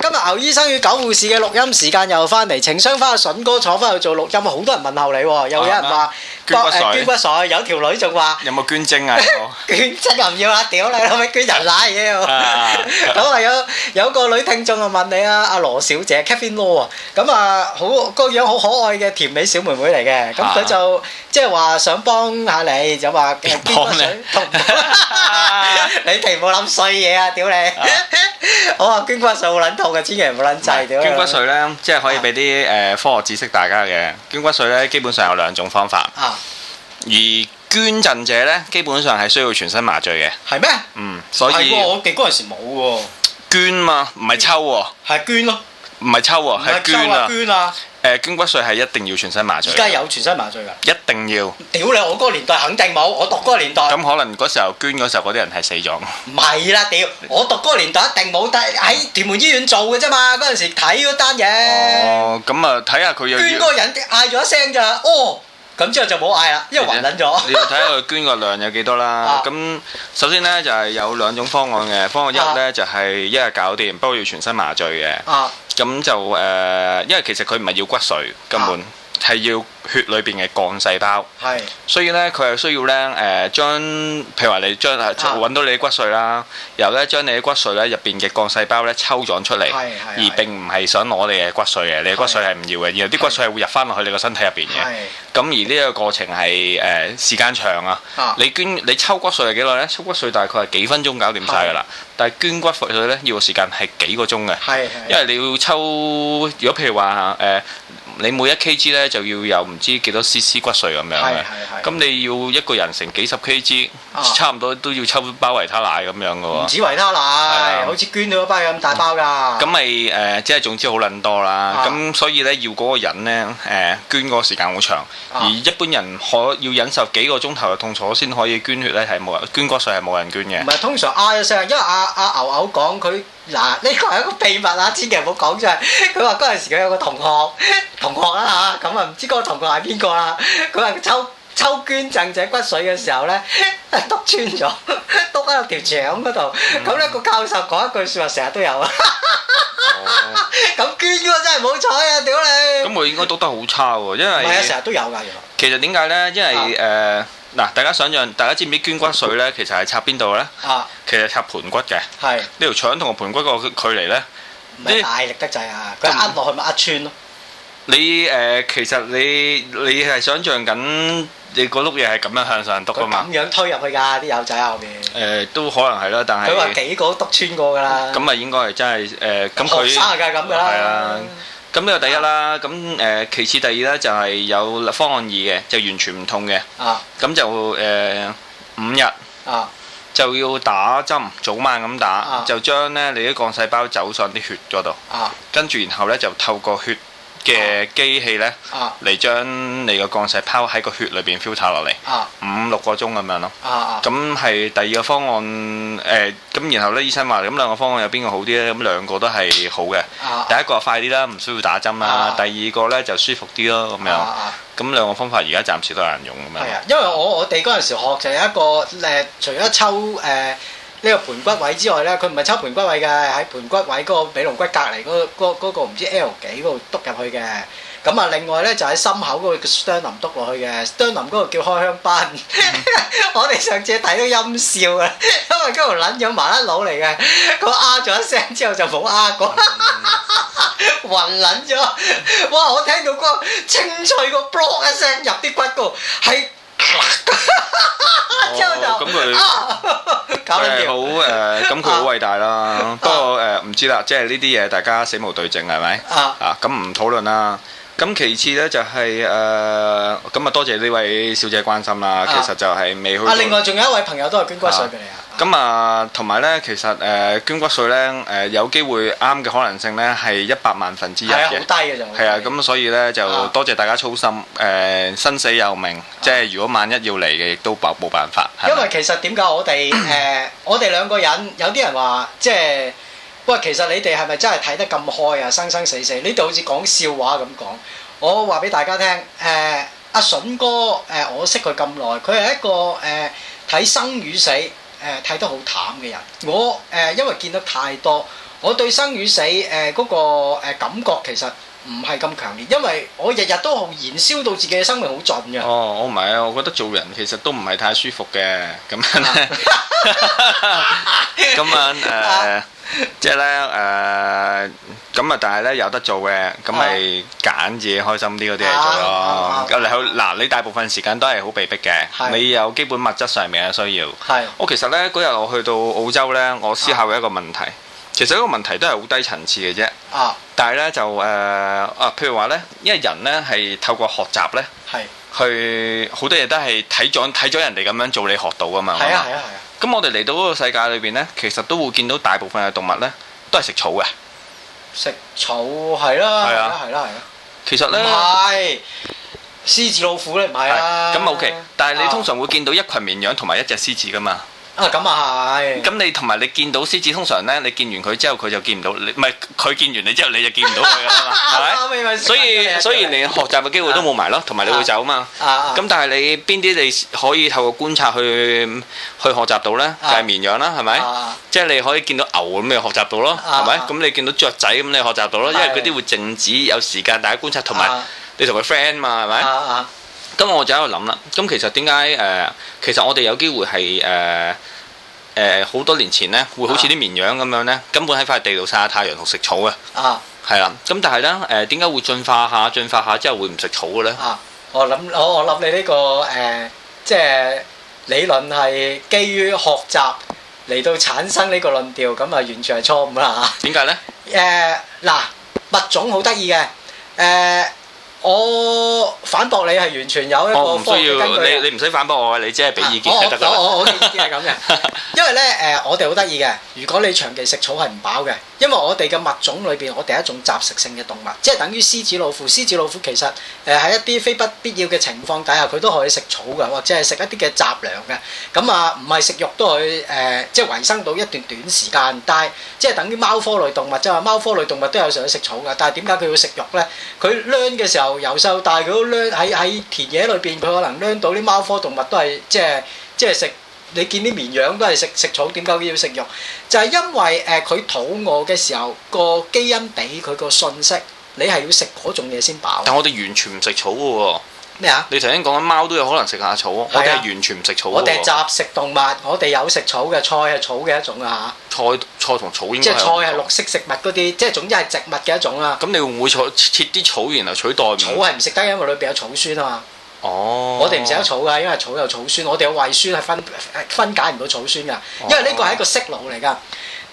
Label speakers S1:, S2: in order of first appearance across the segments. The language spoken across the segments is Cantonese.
S1: 今日牛醫生與狗護士嘅錄音時間又返嚟，請商翻阿筍哥坐返去做錄音，好多人問候你喎，又有人話，嗯嗯捐骨髓，捐骨髓有條女仲話：
S2: 有冇捐精啊？
S1: 捐精又唔要啊！屌你，可唔可以捐人奶嘢？咁啊有有個女聽眾啊問你啊，阿羅小姐 Kevin Law 啊，咁啊好個樣好可愛嘅甜美小妹妹嚟嘅，咁佢就即係話想幫下你，就話捐骨髓。你停冇諗衰嘢啊！屌你！我話捐骨髓好撚痛嘅，千祈唔好撚制屌。捐骨髓
S2: 咧，即係可以俾啲誒科學知識大家嘅。捐骨髓咧，基本上有兩種方法。而捐贈者咧，基本上係需要全身麻醉嘅。係咩？嗯，所以。係喎，我
S1: 記得嗰陣時冇喎。
S2: 捐嘛，唔係抽喎。係捐咯。唔係抽喎，係捐啊。捐啊！誒，捐骨髓係一定要全身麻醉。而家
S1: 有全身麻醉㗎。
S2: 一定要。
S1: 屌你！我嗰個年代肯定冇，我讀嗰個年
S2: 代。咁可能嗰時候捐嗰時候嗰啲人係死咗。
S1: 唔係啦，屌！我讀嗰個年代一定冇，但係喺屯門醫院做嘅啫嘛，嗰陣時睇嗰單嘢。哦，
S2: 咁啊，睇下佢捐嗰
S1: 個人嗌咗一聲㗎哦。咁之後
S2: 就冇嗌啦，因為還忍咗。你就睇下佢捐個量有幾多啦。咁 首先呢，就係、是、有兩種方案嘅。方案一呢， 就係一日搞掂，不過要全身麻醉嘅。咁 就誒、呃，因為其實佢唔係要骨髓，根本。 係要血裏邊嘅幹細胞，係，所以咧佢係需要咧誒將，譬如話你將揾到你嘅骨髓啦，然後咧將你嘅骨髓咧入邊嘅幹細胞咧抽咗出嚟，而並唔係想攞你嘅骨髓嘅，你嘅骨髓係唔要嘅，然後啲骨髓係會入翻落去你個身體入邊嘅，咁而呢個過程係誒時間長啊，你捐你抽骨髓係幾耐咧？抽骨髓大概係幾分鐘搞掂晒噶啦，但係捐骨髓咧要時間係幾個鐘嘅，因為你要抽，如果譬如話誒。你每一 Kg 咧就要有唔知幾多 cc 骨髓咁樣嘅，咁你要一個人成幾十 Kg，差唔多都要抽包維他奶咁樣嘅喎。唔止維他奶，好
S1: 似捐咗一包咁大包㗎。咁
S2: 咪誒，即係總之好撚多啦。咁所以咧，要嗰個人咧誒捐嗰個時間好長，而一般人可要忍受幾個鐘頭嘅痛楚先可以捐血咧，係冇人捐骨髓係冇人捐嘅。唔係，通常
S1: 嗌一聲，因為阿阿牛牛講佢。嗱，呢個係一個秘密啦，千祈唔好講出嚟。佢話嗰陣時佢有個同學，同學啦嚇，咁啊唔知嗰個同學係邊個啦？佢話佢抽抽捐贈者骨髓嘅時候咧，篤穿咗，篤到條腸嗰度。咁呢個教授講一句説話，成日都有啊。咁捐咗真係唔好彩啊！屌你。咁佢
S2: 應該篤得好差喎，因為唔係啊，成日都有㗎原來。其實點解咧？因為誒。嗱，大家想象，大家知唔知捐骨髓咧？其實係插邊度咧？啊，其實插盤骨嘅。係。呢條腸同個盤骨個距離咧，唔係大力得滯啊！佢壓落去咪壓穿咯。你誒，其實你你係想象緊，你個碌嘢係咁樣向上篤㗎嘛？咁
S1: 樣推入去㗎啲友仔後面。
S2: 誒，都可能係啦，但係。佢話幾
S1: 個都篤穿過㗎啦。咁
S2: 咪應該係真係誒？咁佢梗係㗎咁㗎啦。咁呢個第一啦，咁誒、啊、其次第二咧就係有方案二嘅，就完全唔痛嘅。啊，咁就誒、呃、五日啊，就要打針，早晚咁打，啊、就將咧你啲幹細胞走上啲血嗰度。啊，跟住然後咧就透過血。嘅、啊、機器呢，嚟將、啊、你個鋼石拋喺個血裏邊 filter 落嚟，五六、啊、個鐘咁樣咯。咁係、啊啊、第二個方案，誒、呃、咁然後呢，醫生話咁兩個方案有邊個好啲呢？咁兩個都係好嘅。啊、第一個就快啲啦，唔需要打針啦。啊、第二個呢，就舒服啲咯。咁樣咁兩個方法而家暫時都有人用咁樣、啊。
S1: 因為我我哋嗰陣時學就有一個、呃、除咗抽、呃呢個盤骨位之外咧，佢唔係抽盤骨位嘅，喺盤骨位嗰個尾龍骨隔離嗰個唔知 L 幾嗰度篤入去嘅。咁啊，另外咧就喺、是、心口嗰個嘅雙林篤落去嘅，雙林嗰個叫開香檳。 我哋上次睇到陰笑啊，因為嗰條撚咗麻甩佬嚟嘅，佢啊咗一聲之後就冇啊過， 暈撚咗。哇！我聽到個清脆個 blog 一聲入啲骨度係。
S2: 咁佢好誒，咁佢好偉大啦。啊、不過誒，唔、呃、知啦，即係呢啲嘢，大家死無對證係咪？啊咁唔討論啦。咁、啊、其次咧就係、是、誒，咁、呃、啊多謝呢位小姐關心啦。啊、其實就係未去、啊。另外仲有一位朋友都係捐骨髓畀你呀。咁啊，同埋咧，其實誒捐骨髓咧，誒有機會啱嘅可能性咧，係一百萬分之一嘅，係啊，好低嘅就係啊，咁所以咧就多謝大家操心誒，生死有命，即係如果萬一要嚟嘅，亦都冇冇辦法。因
S1: 為其實點解我哋誒我哋兩個人有啲人話即係喂，其實你哋係咪真係睇得咁開啊？生生死死你哋好似講笑話咁講。我話俾大家聽誒阿筍哥誒，我識佢咁耐，佢係一個誒睇生與死。誒睇、呃、得好淡嘅人，我誒、呃、因為見到太多，我對生與死誒、呃嗰個、呃、感覺其實唔係咁強烈，因為我日日都燃燒
S2: 到自己嘅生命好盡嘅。哦，我唔係啊，我覺得做人其實都唔係太舒服嘅咁樣。咁啊誒，即係咧誒，咁啊，但係咧有得做嘅，咁咪揀自己開心啲嗰啲嚟做咯。咁你係嗱，你大部分時間都係好被逼嘅，你有基本物質上面嘅需要。係。我其實咧嗰日我去到澳洲咧，我思考一個問題。其實嗰個問題都係好低層次嘅啫，啊、但係咧就誒、呃、啊，譬如話咧，因為人咧係透過學習咧，係是 去好多嘢都係睇咗睇咗人哋咁樣做，你學到噶嘛，係啊係啊係啊。咁我哋嚟到嗰個世界裏邊咧，其實都會見到大部分嘅動物咧都係食草嘅，
S1: 食草係啦，係啦係啦。
S2: 其實咧，唔係、啊啊啊啊、獅子老虎咧唔係啊，咁冇奇。OK，但係你通常會見到一群綿羊同埋一隻獅子噶嘛。啊咁啊係！咁你同埋你見到獅子通常咧，你見完佢之後佢就見唔到你，唔係佢見完你之後你就見唔到佢啦，係咪？所以所以你學習嘅機會都冇埋咯，同埋你會走啊嘛。咁但係你邊啲你可以透過觀察去去學習到咧？就係綿羊啦，係咪？即係你可以見到牛咁樣學習到咯，係咪？咁你見到雀仔咁你學習到咯，因為嗰啲會靜止，有時間大家觀察，同埋你同佢 friend 嘛，係咪？今日我就喺度諗啦，咁其實點解誒？其實我哋有機會係誒誒好多年前咧，會好似啲綿羊咁樣咧，根本喺塊地度曬下太陽同食草嘅。啊，係啦。咁但係咧誒，點、呃、解會進化下進化下之後會唔食草嘅咧？
S1: 啊，我諗好，我諗你呢、這個誒、呃，即係理論係基於學習嚟到產生呢個論調，咁啊完全係錯誤啦嚇。點解咧？誒嗱、呃，物種好得意嘅誒。呃我反駁你係完全有一個、哦、科學根據，
S2: 你唔使反駁我，你只係俾意見就得啦。我我，我嘅意見係
S1: 咁嘅，因為咧誒、呃，我哋好得意嘅。如果你長期食草係唔飽嘅，因為我哋嘅物種裏邊，我哋係一種雜食性嘅動物，即係等於獅子老虎。獅子老虎其實誒喺、呃、一啲非不必要嘅情況底下，佢都可以食草㗎，或者係食一啲嘅雜糧嘅。咁啊，唔係食肉都可以誒、呃，即係維生到一段短時間。但係即係等於貓科類動物，即係話貓科類動物都有時候食草㗎。但係點解佢要食肉咧？佢嘅時候。由細到大，但係佢都喺喺田野裏邊，佢可能撈到啲貓科動物都係即係即係食。你見啲綿羊都係食食草，點解要食肉？就係因為誒佢肚餓嘅時候，個基因俾佢個訊息，你係要食嗰種嘢先飽。但
S2: 係我哋完全唔食草喎。咩啊？你頭先講緊貓都有可能食下草啊，我哋係完全唔食草？我哋係雜
S1: 食動物，我哋有食草嘅菜係草嘅一種啊嚇。
S2: 菜菜，同草應該即係菜
S1: 係綠色食物嗰啲，即係
S2: 總之係植物嘅一種啊。咁、嗯、你會唔會切切啲草然後取代？草係
S1: 唔食得，因為裏邊有草酸啊嘛。
S2: 哦，我哋唔食得草
S1: 㗎，因為草有草酸，我哋有胃酸係分分解唔到草酸㗎，因為呢個係一個色牢嚟㗎。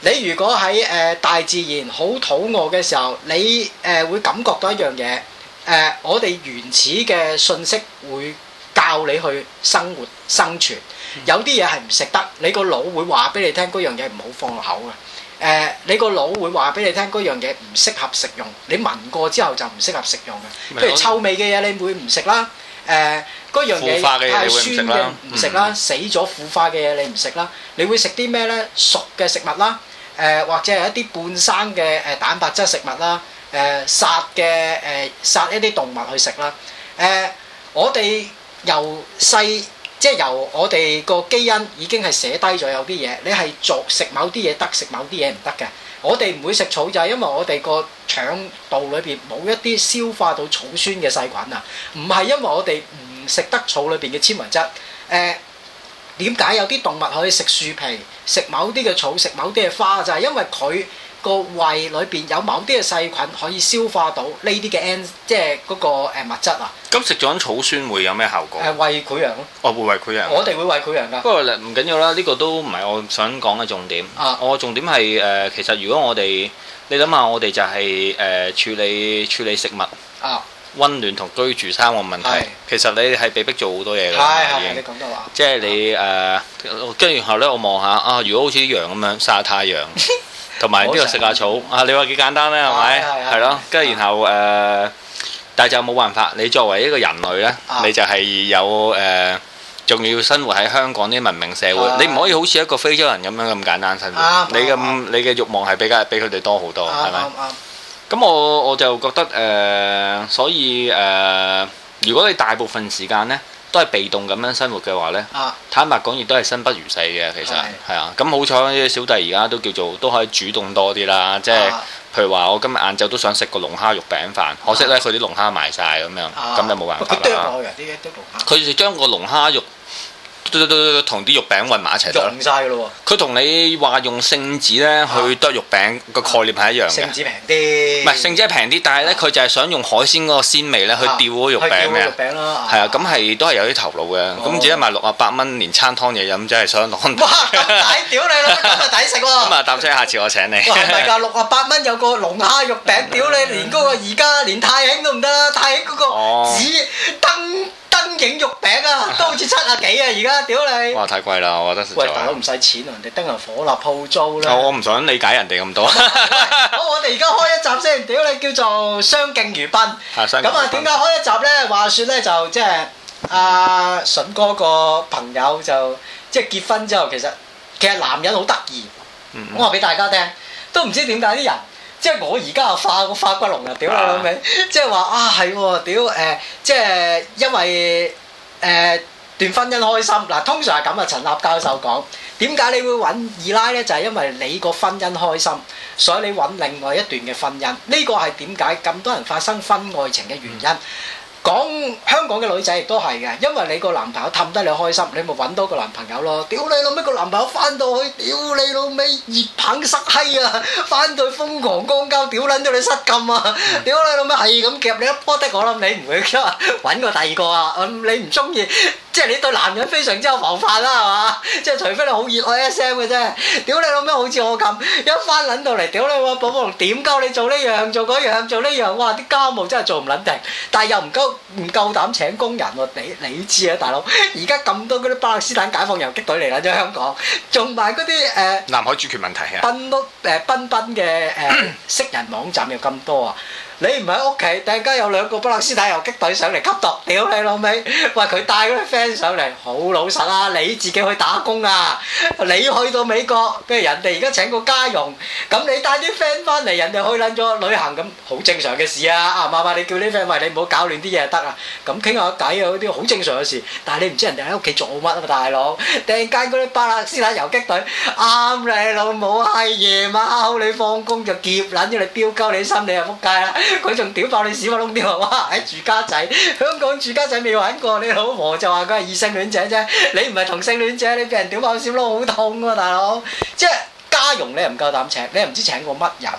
S1: 你如果喺誒、呃、大自然好肚餓嘅時候，你誒、呃、會感覺到一樣嘢。誒、呃，我哋原始嘅信息會教你去生活生存。有啲嘢係唔食得，你個腦會話俾你聽嗰樣嘢唔好放落口嘅。誒、呃，你個腦會話俾你聽嗰樣嘢唔適合食用。你聞過之後就唔適合食用嘅，譬如臭味嘅嘢你會唔食啦。誒、呃，嗰樣嘢太酸嘅唔食啦，死咗腐化嘅嘢、嗯、你唔食啦。你會食啲咩咧？熟嘅食物啦，誒、呃、或者係一啲半生嘅誒蛋白質食物啦。誒、呃、殺嘅誒、呃、殺一啲動物去食啦。誒、呃，我哋由細即係由我哋個基因已經係寫低咗有啲嘢，你係做食某啲嘢得，食某啲嘢唔得嘅。我哋唔會食草就係、是、因為我哋個腸道裏邊冇一啲消化到草酸嘅細菌啊。唔係因為我哋唔食得草裏邊嘅纖維質。誒、呃，點解有啲動物可以食樹皮、食某啲嘅草、食某啲嘅花就係、是、因為佢個胃裏邊有某啲嘅細菌可以消化到呢啲嘅 N，即係嗰個物質啊。
S2: 咁食咗草酸會有咩效果？誒，胃潰瘍咯。哦，會胃潰瘍。我哋會胃潰瘍㗎。不過唔緊要啦，呢個都唔係我想講嘅重點。啊，我重點係誒，其實如果我哋你諗下，我哋就係誒處理處理食物啊，溫暖同居住三個問題。其實你係被逼做好多嘢㗎。係，你講得啱。即係你誒，跟住然後咧，我望下啊，如果好似啲羊咁樣曬太陽。同埋呢度食下草啊！你話幾簡單咧，係咪？係咯，跟住然後誒，但係就冇辦法。你作為一個人類呢，你就係有誒，仲要生活喺香港啲文明社會。你唔可以好似一個非洲人咁樣咁簡單生活。你咁你嘅欲望係比較比佢哋多好多，係咪？咁我我就覺得誒，所以誒，如果你大部分時間呢。都係被動咁樣生活嘅話呢，坦白講亦都係生不如死嘅。其實係啊，咁是的 好彩小弟而家都叫做都可以主動多啲啦。即係譬如話，我今日晏晝都想食個龍蝦肉餅飯，可惜呢佢啲龍蝦賣晒咁樣，咁是的 就冇辦法啦。佢就將個龍蝦肉，剁剁剁，同啲肉餅混埋一齊剁曬咯，佢同你話用聖子咧去剁肉餅個概念係一樣嘅。聖子
S1: 平啲，唔係聖
S2: 子平啲，但係咧佢就係想用海鮮嗰個鮮味咧去吊嗰肉餅嘅。係啊，咁係都係有啲頭腦嘅。咁只係賣六啊八蚊連餐湯嘢飲，真係相當。哇！咁抵屌你啦，咁啊抵食喎。咁啊，啖水，下次我請你。哇！六
S1: 啊八蚊有個龍蝦肉餅，屌你連嗰個而家連太興都唔得啦，太興嗰個紫燈景肉餅啊，都好似七啊幾啊！而家屌你，
S2: 哇，太貴啦！我覺得，喂，大佬，唔
S1: 使錢啊，人哋燈油火蠟、啊、鋪租
S2: 啦、啊哦。我唔想理解人哋咁多。嗯、
S1: 好，我哋而家開一集先，屌你叫做相敬如賓。咁啊，點解、啊、開一集咧？話説咧就即係阿筍哥個朋友就即係結婚之後，其實其實男人好得意。Mm hmm. 我話俾大家聽，都唔知點解啲人。即係我而家啊，化個化骨龍啊，屌你老味！即係話啊，係喎，屌誒，即係因為誒段婚姻開心嗱，通常係咁啊，陳立教授講，點解你會揾二奶呢？就係因為你個婚姻開心，所以你揾另外一段嘅婚姻。呢個係點解咁多人發生婚外情嘅原因。講香港嘅女仔亦都係嘅，因為你個男朋友氹得你開心，你咪揾多個男朋友咯。屌你老味個男朋友翻到去，屌你老味熱棒塞閪啊！翻到去瘋狂光交，屌撚到你失禁啊！屌你老味係咁夾你，一波的，我諗你唔會揾個第二個啊！你唔中意。即係你對男人非常之有防範啦，係嘛？即係除非你好熱愛 SM 嘅啫。屌你老母，好似我咁一翻撚到嚟，屌你寶寶龍點夠你做呢樣做嗰樣做呢樣？哇！啲家務真係做唔撚停，但係又唔夠唔夠膽請工人喎。你你知啊，大佬，而家咁多嗰啲巴勒斯坦解放遊擊隊嚟啦，喺香港，仲埋嗰啲誒
S2: 南海主權問題啊，賓
S1: 屋誒賓賓嘅誒識人網站有咁多。你唔喺屋企，突然間有兩個巴勒斯坦遊擊隊上嚟吸毒，屌你老味！話佢帶嗰啲 friend 上嚟，好老實啦，你自己去打工啊！你去到美國，跟住人哋而家請個家傭，咁你帶啲 friend 翻嚟，人哋去撚咗旅行，咁好正常嘅事啊！阿媽咪你叫啲 friend，餵你唔好搞亂啲嘢就得啊！咁傾下偈啊，嗰啲好正常嘅事。但係你唔知人哋喺屋企做乜啊嘛，大佬！突然間嗰啲巴勒斯坦遊擊隊，啱你老母啊！夜晚收你放工就劫撚咗你，刁鳩你心，你又仆街啦～佢仲屌爆你屎窟窿添喎！哇，喺、欸、住家仔，香港住家仔未玩過，你老婆就話佢係異性戀者啫。你唔係同性戀者，你俾人屌爆屎窟窿好痛啊大佬！即係家傭你又唔夠膽請，你又唔知請過乜人。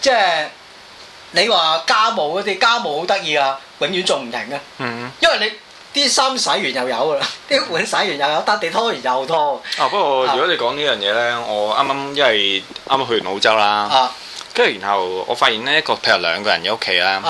S1: 即係你話家務嗰啲家務好得意啊，永遠做唔停啊！嗯，因為你啲衫洗完又有啦，啲碗洗完又有，笪地拖完又拖。
S2: 啊，不過、啊、如果你講呢樣嘢咧，我啱啱因為啱啱去完澳洲啦。啊。即係然後，我發現呢一個譬如兩個人嘅屋企啦，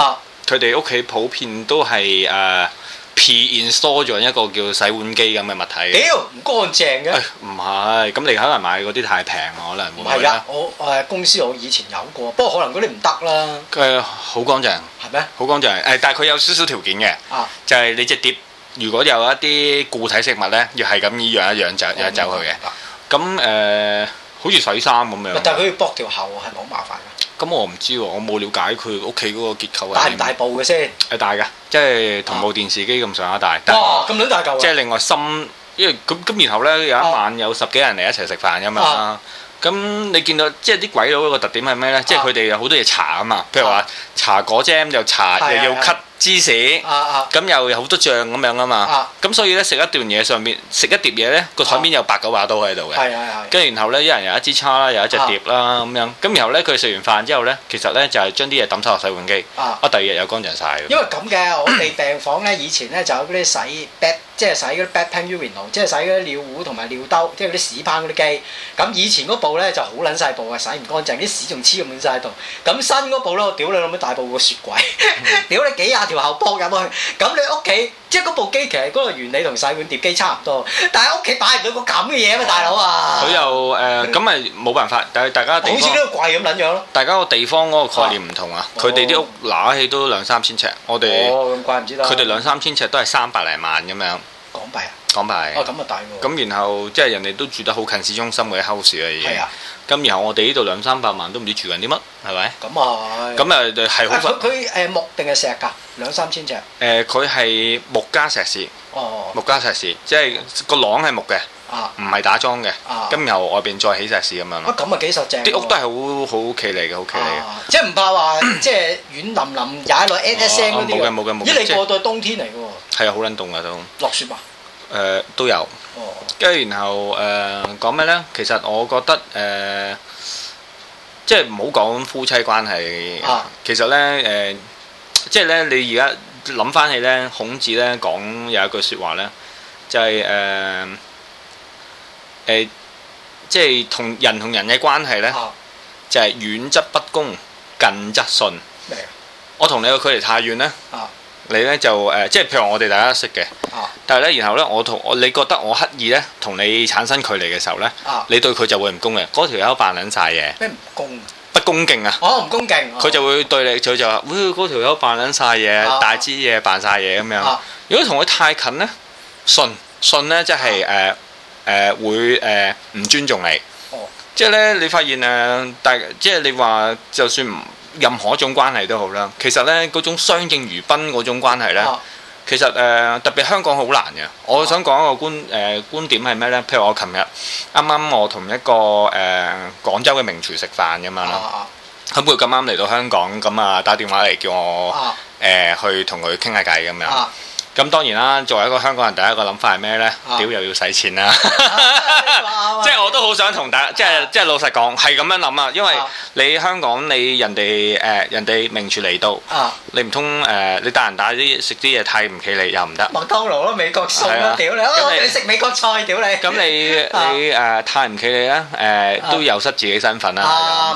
S2: 佢哋屋企普遍都係誒 pre-install 咗一個叫洗碗機咁嘅物體。屌，唔乾淨嘅。唔係，咁你可能買嗰啲太平，可能冇啦。係啦，
S1: 我誒公司我以前有過，不過可能嗰啲唔得啦。
S2: 佢好乾淨。係咩？好乾淨誒，但係佢有少少條件嘅。啊。就係你隻碟，如果有一啲固體食物咧，要係咁樣一樣一樣就走去嘅。咁誒，好似洗衫咁樣。但係佢
S1: 要駁條喉係咪好麻煩？
S2: 咁我唔知喎，我冇了解佢屋企嗰個結構啊。大唔大部嘅先？係大㗎，即係同部電視機咁上下大。啊、但哇！咁卵大嚿。即係另外深，因為咁咁，然後咧有一晚有十幾人嚟一齊食飯㗎嘛。咁、啊、你見到即係啲鬼佬個特點係咩咧？啊、即係佢哋有好多嘢搽啊嘛，譬如話搽果醬又搽，又要 cut。啊芝士，咁又好多醬咁樣啊嘛，咁所以咧食一段嘢上面，食一碟嘢咧個台面有八九把刀喺度嘅，跟住然後咧一人有一支叉啦，有一隻碟啦咁樣，咁然後咧佢食完飯之後咧，其實咧就係將啲嘢抌晒落洗碗機，啊，第二日又乾淨晒。因為
S1: 咁嘅，我哋病房咧以前咧就有嗰啲洗 bat，即係洗嗰啲 bat pan urinal，即係洗嗰啲尿壺同埋尿兜，即係嗰啲屎盆嗰啲機。咁以前嗰部咧就好撚細部啊，洗唔乾淨，啲屎仲黐咁滿晒喺度。咁新嗰部咧，我屌你老母大部個雪櫃，屌你幾條喉駁入去，咁你屋企即係嗰部機，其實嗰個原理同洗碗碟機差唔多，但係屋企擺唔到個咁嘅嘢嘛，大佬啊！佢又
S2: 誒，咁咪冇辦法，但係大家好似呢個貴咁撚樣咯？大家個地方嗰個概念唔同啊，佢哋啲屋揦起都兩三千尺，我哋佢哋兩三千尺都係三百零萬咁樣港幣啊！港幣啊！咁啊大喎！咁然後即係人哋都住得好近市中心嗰啲 house 啊，已咁然後我哋呢度兩三百萬都唔知住緊啲乜，係咪？
S1: 咁啊！
S2: 咁誒係好佢佢
S1: 誒木定係石㗎，兩三千尺。
S2: 誒，佢係木加石屎。哦。木加石屎，即係個廊係木嘅，唔係打樁嘅。咁然後外邊再起石屎咁樣。啊，咁啊幾實淨。啲屋都係好好企嚟嘅，好企嚟嘅，即係唔怕
S1: 話，即係軟腍腍踩落 n S M 嗰啲。冇嘅冇嘅冇。依你過到冬天嚟嘅
S2: 喎。係啊，好撚凍啊都。落雪嗎？誒，都有。跟住然後誒講咩呢？其實我覺得誒、呃，即係唔好講夫妻關係。啊、其實呢，誒、呃，即係呢你而家諗翻起呢，孔子呢講有一句説話呢，就係、是、誒、呃呃、即係同人同人嘅關係呢，啊、就係遠則不公，近則信。么我同你嘅距離太遠呢。啊。你咧就誒、呃，即係譬如我哋大家識嘅，啊、但係咧，然後咧，我同我你覺得我刻意咧同你產生距離嘅時候咧，啊、你對佢就會唔恭敬。嗰條友扮撚晒嘢。咩唔恭不恭敬啊？
S1: 哦，唔恭敬。佢、哦、
S2: 就會對你，佢就話：，嗰條友扮撚晒嘢，chest, 啊、大支嘢扮晒嘢咁樣。啊、如果同佢太近咧，信信咧即係誒誒會誒、呃、唔、呃、尊重你。即係咧，你發現誒，但即係你話就算唔。任何一種關係都好啦，其實咧嗰種相敬如賓嗰種關係咧，啊、其實誒、呃、特別香港好難嘅。我想講一個觀誒、呃、觀點係咩咧？譬如我琴日啱啱我同一個誒廣、呃、州嘅名廚食飯咁樣咯，咁佢咁啱嚟到香港咁啊，打電話嚟叫我誒、啊呃、去同佢傾下偈咁樣。啊啊咁當然啦，作為一個香港人，第一個諗法係咩呢？啊、屌又要使錢啦、啊！ 即係我都好想同大家，啊、即係即係老實講，係咁樣諗啊！因為你香港你人哋誒、呃、人哋名廚嚟到，啊、你唔通誒你打人打啲食啲嘢太唔企理又唔得。麥當勞啦，美
S1: 國餸屌、啊
S2: 啊你，啊、你！你食美國菜，屌、呃、你！咁你你誒太唔企理咧誒，都有失自己身份啦。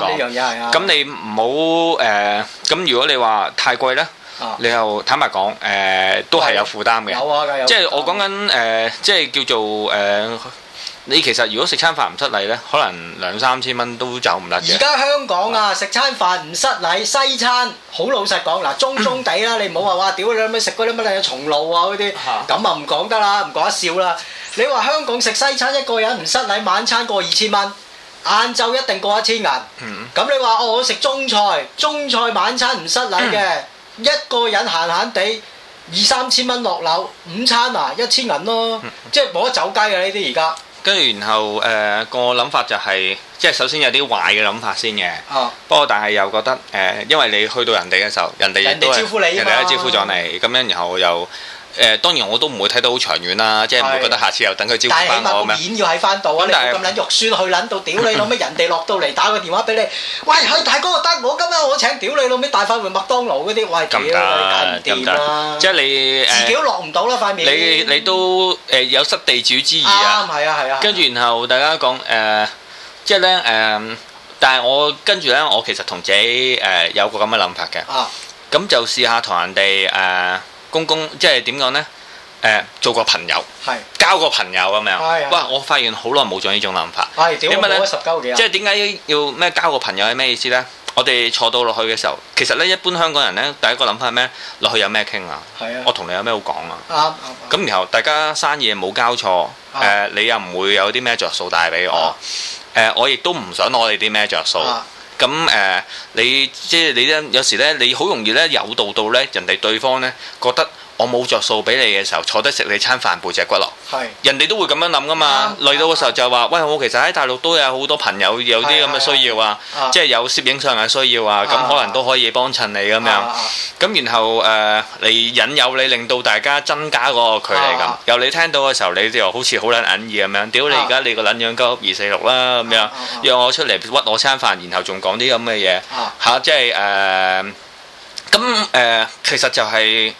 S2: 呢樣嘢係啊！咁、啊啊嗯嗯嗯嗯、你唔好誒，咁、呃呃、如果你話、呃嗯呃嗯嗯嗯呃、太貴呢？你又坦白講，誒、呃、都係有負擔嘅，即係我講緊誒，即係叫做誒，你其實如果食餐飯唔失禮呢，可能兩三千蚊都走唔甩嘅。而家
S1: 香港啊，食餐飯唔失禮，西餐好老實講，嗱中中地啦， 你唔好話哇，屌你，咩，食嗰啲乜嘢松露啊嗰啲，咁啊唔講得啦，唔講得笑啦。你話香港食西餐一個人唔失禮，晚餐過二千蚊，晏晝一定過一千銀。咁 你話、哦、我食中菜，中菜晚餐唔失禮嘅。 一個人閒閒地二三千蚊落樓，午餐啊一千銀咯，嗯、即係冇得走街嘅呢啲而家。
S2: 跟住然後誒、呃、個諗法就係、是，即係首先有啲壞嘅諗法先嘅。啊、不過但係又覺得誒、呃，因為你去到人哋嘅時候，人哋人哋招呼你，人哋都招呼咗你，咁樣然後又。誒當然我都唔會睇到好長遠啦，即係唔會覺得下次又等佢招呼翻我咩？但係起碼個面
S1: 要喺翻度啊！你咁撚肉酸，去撚到屌你老味，人哋落到嚟打個電話俾你，喂，大哥得我今日我請，屌你老味大快活麥當勞嗰啲，我係幾撚地啦？即
S2: 係你自己都
S1: 落唔到啦，塊面你
S2: 你都誒有失地主之誼啊！啱係啊係啊！跟住然後大家講誒，即係咧誒，但係我跟住咧，我其實同自己誒有個咁嘅諗法嘅。啊！咁就試下同人哋誒。公公即係點講呢？呃、做個朋友，係是交個朋友咁樣。的哇！我發現好耐冇咗呢種諗法。係，點解冇？即係點解要咩交個朋友，係咩意思呢？我哋坐到落去嘅時候，其實呢一般香港人呢，第一個諗法係咩？落去有咩傾啊？的我同你有咩好講啊？咁、啊啊、然後大家生意冇交錯，啊呃、你又唔會有啲咩着數帶俾我、啊啊啊啊啊，我亦都唔想攞你啲咩着數。啊咁誒、嗯，你即係你咧，有時咧，你好容易咧，誘導到咧，人哋對方咧覺得。我冇着數俾你嘅時候，坐低食你餐飯，背脊骨落，人哋都會咁樣諗噶嘛。累到嘅時候就係話：喂，我其實喺大陸都有好多朋友，有啲咁嘅需要啊，即係有攝影上嘅需要啊，咁可能都可以幫襯你咁樣。咁然後誒嚟引誘你，令到大家增加個距離咁。由你聽到嘅時候，你又好似好撚銀耳咁樣，屌你而家你個撚樣鳩二四六啦咁樣，約我出嚟屈我餐飯，然後仲講啲咁嘅嘢吓？即係誒咁誒，其實就係。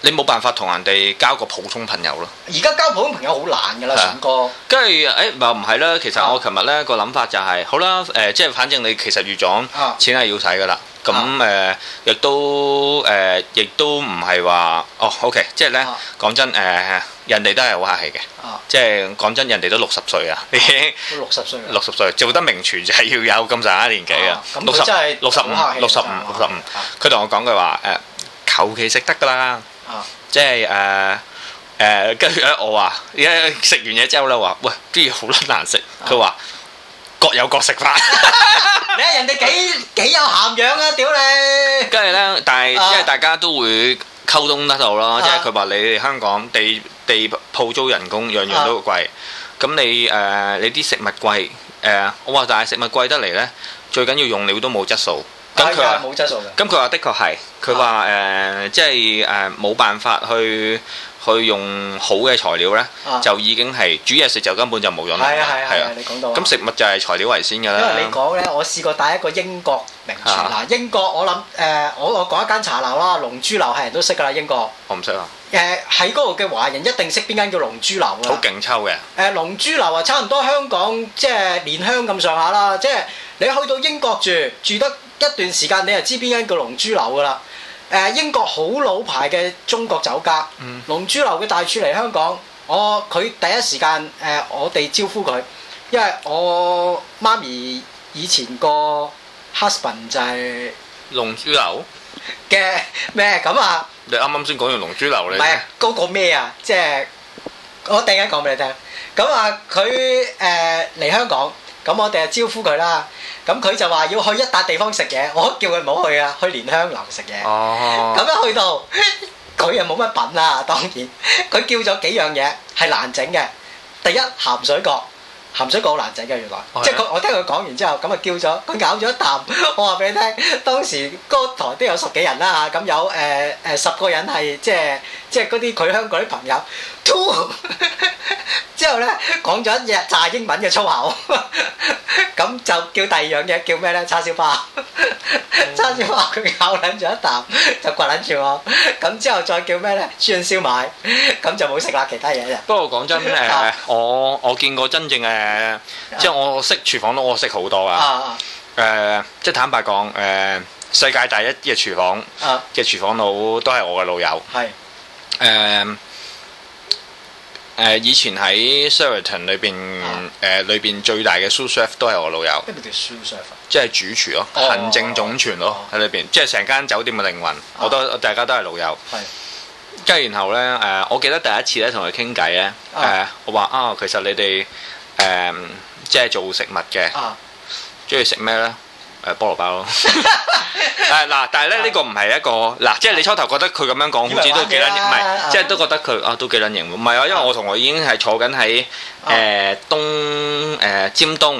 S2: 你冇辦法同人哋交個普通朋友咯。
S1: 而家交普通朋友好難㗎啦，成
S2: 哥。跟住誒，唔係啦。其實我琴日咧個諗法就係，好啦，誒，即係反正你其實預咗錢係要使㗎啦。咁誒，亦都誒，亦都唔係話哦。O K，即係咧，講真誒，人哋都係好客氣嘅。即係講真，人哋都六十歲啊，六十歲。六十歲做得名廚就係要有咁上下年紀啊。咁六十，真係六十五六十五，六十五。佢同我講句話誒，求其食得㗎啦。即係誒誒，跟住咧我話，而家食完嘢，之後咧話，喂，啲嘢好卵難食。佢話各有各食法。你
S1: 睇人哋幾幾有涵養啊！屌你！
S2: 跟住咧，但係即係大家都會溝通得到咯。即係佢話你哋香港地地鋪租、人工樣樣都貴，咁你誒你啲食物貴誒，我話，但係食物貴得嚟咧，最緊要用料都冇質素。咁佢話冇質素嘅。咁佢話的確係，佢話誒，即係誒冇辦法去去用好嘅材料咧，就已經係煮嘢食就根本就冇用。係啊係啊係啊，你講到。咁食物就係材料為先㗎啦。因為你講
S1: 咧，我試過帶一個英國名廚，嗱英國我諗誒，我我講一間茶樓啦，龍珠樓係人都識㗎啦，英國。我唔識啊。誒喺嗰度嘅華人一定識邊間叫龍珠樓㗎。好勁抽嘅。誒龍珠樓啊，差唔多香港即係蓮香咁上下啦，即係你去到英國住住得一段時間你就知邊間叫龍珠樓㗎喇？誒、呃、英國好老牌嘅中國酒家，嗯、龍珠樓嘅大廚嚟香港，我佢第一時間誒、呃、我哋招呼佢，因為我媽咪以前個 husband 就係、是、
S2: 龍珠樓嘅咩咁啊？你啱啱先講完龍珠樓咧？唔係
S1: 嗰個咩啊？即、那、係、個就是、我突然間講俾你聽，咁啊佢誒嚟香港。咁我哋就招呼佢啦，咁佢就話要去一笪地方食嘢，我叫佢唔好去啊，去蓮香樓食嘢。咁、哦哦、一去到，佢又冇乜品啦，當然，佢叫咗幾樣嘢係難整嘅。第一鹹水角，鹹水角好難整嘅原來，啊、即係佢我聽佢講完之後，咁啊叫咗佢咬咗一啖，我話俾你聽，當時嗰台都有十幾人啦嚇，咁有誒誒、呃、十個人係即係即係嗰啲佢香港啲朋友。之後呢，講咗一隻炸英文嘅粗口，咁就叫第二樣嘢叫咩呢？叉燒包。嗯、叉燒包，佢咬撚住一啖就掘撚住我，咁之後再叫咩呢？串燒賣，咁就冇食啦，其他嘢啦。不過講真誒，
S2: 我我見過真正嘅，即係我識廚房都我識好多啊。即、啊、係、呃、坦白講誒、呃，世界第一嘅廚房嘅廚、啊、房佬都係我嘅老友。係是、呃誒、呃、以前喺 Sheraton 裏邊，誒裏邊最大嘅 sous chef 都係我老友。即係主廚咯，哦、行政總廚咯，喺裏邊，即係成間酒店嘅靈魂。啊、我都大家都係老友。係是。跟住然後咧，誒、呃、我記得第一次咧同佢傾偈咧，誒、呃啊、我話啊、哦，其實你哋誒、呃、即係做食物嘅，中意食咩咧？菠蘿包咯，誒嗱，但係咧呢個唔係一個嗱，即係你初頭覺得佢咁樣講好似都幾撚型，唔係即係都覺得佢啊都幾撚型唔係啊，因為我同我已經係坐緊喺誒東誒尖東，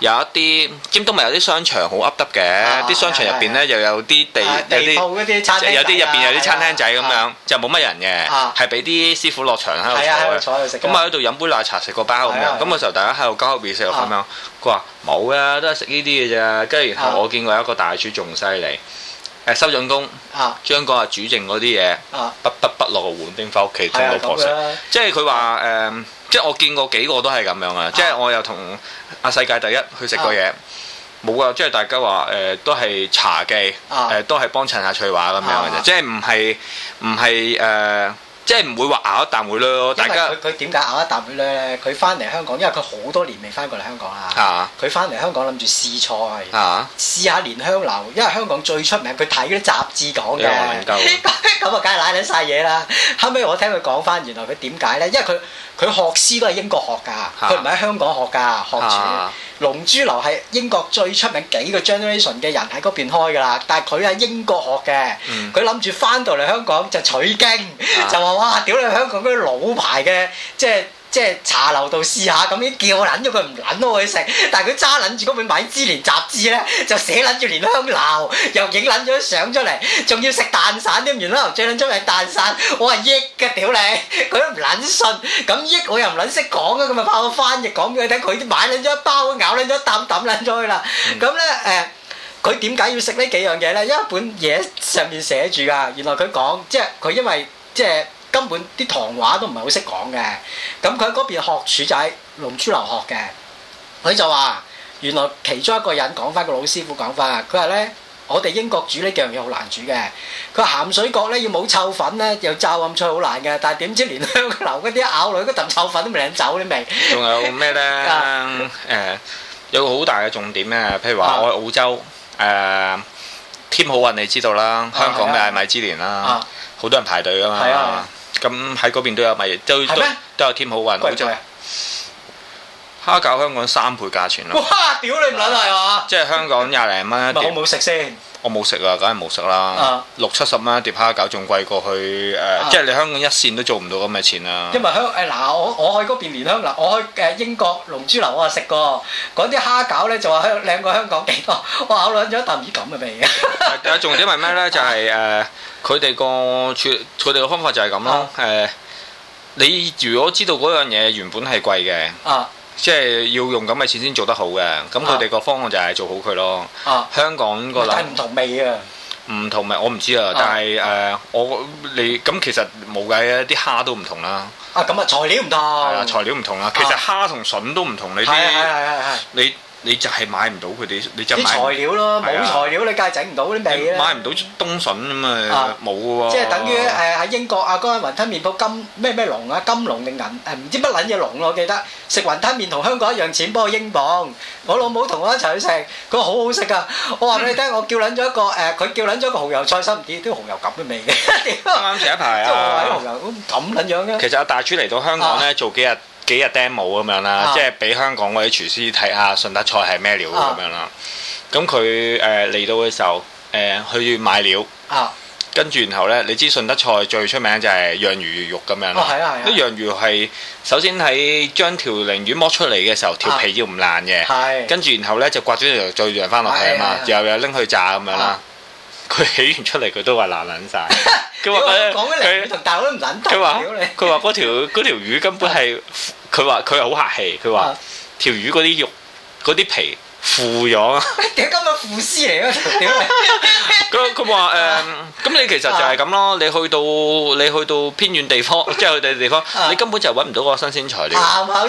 S2: 有一啲尖東咪有啲商場好噏得嘅，啲商場入邊咧又有啲地有啲餐有啲入邊有啲餐廳仔咁樣，就冇乜人嘅，係俾啲師傅落場喺度坐嘅，咁喺度飲杯奶茶食個包咁樣，咁嘅時候大家喺度交口面食咁樣，佢話。冇啊，都係食呢啲嘅啫。跟住，然後我見過一個大廚仲犀利，誒收進工，將嗰個煮剩嗰啲嘢，不不不落個碗，拎翻屋企同老婆食，啊啊呃。即係佢話誒，即係我見過幾個都係咁樣啊。即係我又同阿世界第一去食過嘢，冇啊，啊。即係大家話誒、呃，都係茶記，誒、呃、都係幫襯下翠華咁樣嘅啫。即係唔係唔係誒。即係唔會話咬一啖會咯，大家佢佢
S1: 點解咬一啖會咧？佢翻嚟香港，因為佢好多年未翻過嚟香港啊。佢翻嚟香港諗住試
S2: 菜，啊、
S1: 試下蓮香樓，因為香港最出名。佢睇嗰啲雜誌講㗎，咁啊、哎，梗係拉甩晒嘢啦。後尾我聽佢講翻，原來佢點解咧？因為佢佢學師都係英國學㗎，佢唔係喺香港學㗎。啊、學廚龍珠樓係英國最出名幾個 generation 嘅人喺嗰邊開㗎啦，但係佢係英國學嘅，佢諗住翻到嚟香港就取經，啊、就哇！屌你，香港嗰啲老牌嘅，即係即係茶樓度試下，咁樣叫撚咗佢唔撚我去食，但係佢揸撚住嗰本《米芝蓮雜誌》咧，就寫撚住蓮香樓，又影撚咗相出嚟，仲要食蛋散添，原來撚出嚟係蛋散，我話益嘅，屌你，佢都唔撚信，咁益我又唔撚識講啊，咁咪怕我翻譯講俾佢聽，睇佢買撚咗一包，咬撚咗一啖，抌撚咗去啦。咁咧誒，佢點解要食呢幾樣嘢咧？因為本嘢上面寫住㗎，原來佢講即係佢因為即係。根本啲唐話都唔係好識講嘅，咁佢喺嗰邊學廚村學就喺龍珠留學嘅，佢就話原來其中一個人講返個老師傅講返啊，佢話咧我哋英國煮呢幾樣嘢好難煮嘅，佢話鹹水角咧要冇臭粉咧又炸咁脆好難嘅，但係點知蓮香樓嗰啲咬落去，嗰啖臭粉都未飲走你未？仲有咩
S2: 咧？誒、 啊欸、有個好大嘅重點咧，譬如話我喺澳洲誒添好運你知道啦，香港嘅係米芝蓮啦，好多人排隊㗎嘛。咁喺嗰邊都有咪？都都嗎都有添好運。跪跪蝦餃香港三倍價錢咯！
S1: 哇！屌你唔撚係嘛？
S2: 即係香港廿零蚊一碟。我冇食先。我冇食啊，梗係冇食啦。六七十蚊一碟蝦餃仲貴過去誒，即係你香港一線都做唔到咁嘅錢啦。因
S1: 為香誒嗱，我我去嗰邊連香嗱，我去誒英國龍珠樓啊食過，嗰啲蝦餃咧就話香靚過香港幾多，我口裡揾咗一啖啲咁嘅味
S2: 啊！誒，重點係咩咧？就係誒，佢哋個廚佢哋嘅方法就係咁咯。誒，你如果知道嗰樣嘢原本係貴嘅。即係要用咁嘅錢先做得好嘅，咁佢哋個方案就係做好佢咯。啊、香港個諗唔同味同啊，唔、呃、同味我唔知啊，但係誒我你咁其實冇計啊，啲蝦都唔同啦。
S1: 啊，咁啊材料唔同。係啊，
S2: 材料唔同啦。其實蝦同筍都唔同、啊、你啲的。係係係你。你就係買唔到佢哋，你就買材料咯，冇材料
S1: 你梗係整唔到啲味啊！味買唔
S2: 到冬筍吖嘛？冇喎、啊。啊、即係等於誒
S1: 喺英國啊，嗰間雲吞麵鋪金咩咩龍啊，金龍定銀唔知乜撚嘢龍，我記得食雲吞麵同香港一樣錢，幫我英鎊。我老母同我一齊去食，佢好好食啊。我話俾你聽，嗯、我叫撚咗一個佢、呃、叫撚咗個紅油菜心，點都紅油咁嘅味嘅。
S2: 啱前一排啊，即係紅油
S1: 咁撚樣嘅。其
S2: 實阿大廚嚟到香港呢，啊、做幾日。啊幾日 demo 咁樣啦，即係俾香港嗰啲廚師睇下順德菜係咩料咁樣啦。咁佢誒嚟到嘅時候，誒去買料，跟住然後咧，你知順德菜最出名就係釀魚肉咁樣囉。啲釀魚係首先喺將條鯪魚剝出嚟嘅時候，條皮要唔爛嘅，跟住然後咧就刮咗條再釀翻落去啊嘛，然後又拎去炸咁樣啦。佢起完出嚟，佢都話爛爛曬。
S1: 佢話佢，佢同大佬都唔撚同。
S2: 佢話： 佢話嗰條嗰條魚根本係，佢話佢係好客氣。佢話 條魚嗰啲肉嗰啲皮。富咗啊！
S1: 點解今日富師嚟啊！
S2: 佢佢話誒，咁你其實就係咁咯。你去到你去到偏遠地方，即係佢哋地方，你根本就揾唔到個新鮮材料。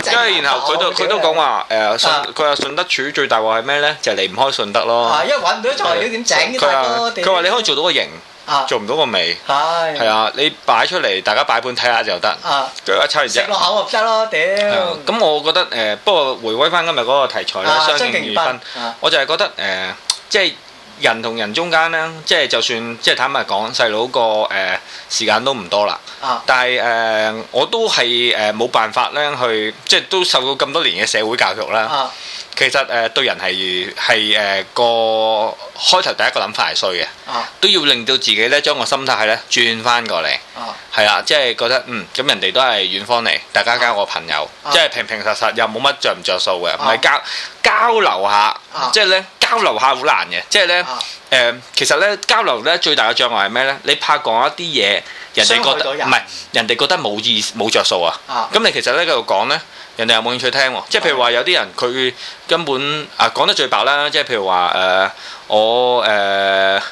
S1: 跟住然後佢
S2: 都佢都講話誒順，佢話順德處最大鑊係咩咧？就係離唔開順德咯。因為
S1: 揾唔到材料點整啊？大哥，佢話你可以做到個型。啊、做唔到個味，係啊、
S2: 哎！你擺出嚟，大家擺盤睇下就得。啊，跟一齊食落
S1: 口合得咯屌！
S2: 咁我覺得誒、呃，不過回歸翻今日嗰個題材咧，相敬如賓，啊、我就係覺得誒、呃，即係人同人中間咧，即係就算即係坦白講，細佬個誒時間都唔多啦。啊、但係誒、呃，我都係誒冇辦法咧，去即係都受到咁多年嘅社會教育啦。啊啊其實誒對人係係誒個開頭第一個諗法係衰嘅，啊、都要令到自己咧將個心態咧轉翻過嚟。啊。係啊，即係覺得嗯，咁人哋都係遠方嚟，啊、大家交個朋友，即係、啊、平平實實又冇乜着唔着數嘅，咪、啊、交流、啊、交流下。即係咧交流下好難嘅，即係咧誒，其實咧交流咧最大嘅障礙係咩咧？你怕講一啲嘢，人哋覺得唔係人哋覺得冇意冇着數啊。咁你其實咧喺度講咧，人哋又冇興趣聽喎。即、就、係、是、譬如話有啲人佢根本啊講、呃、得最白啦，即、就、係、是、譬如話誒、呃、我誒。呃呃呃人家人家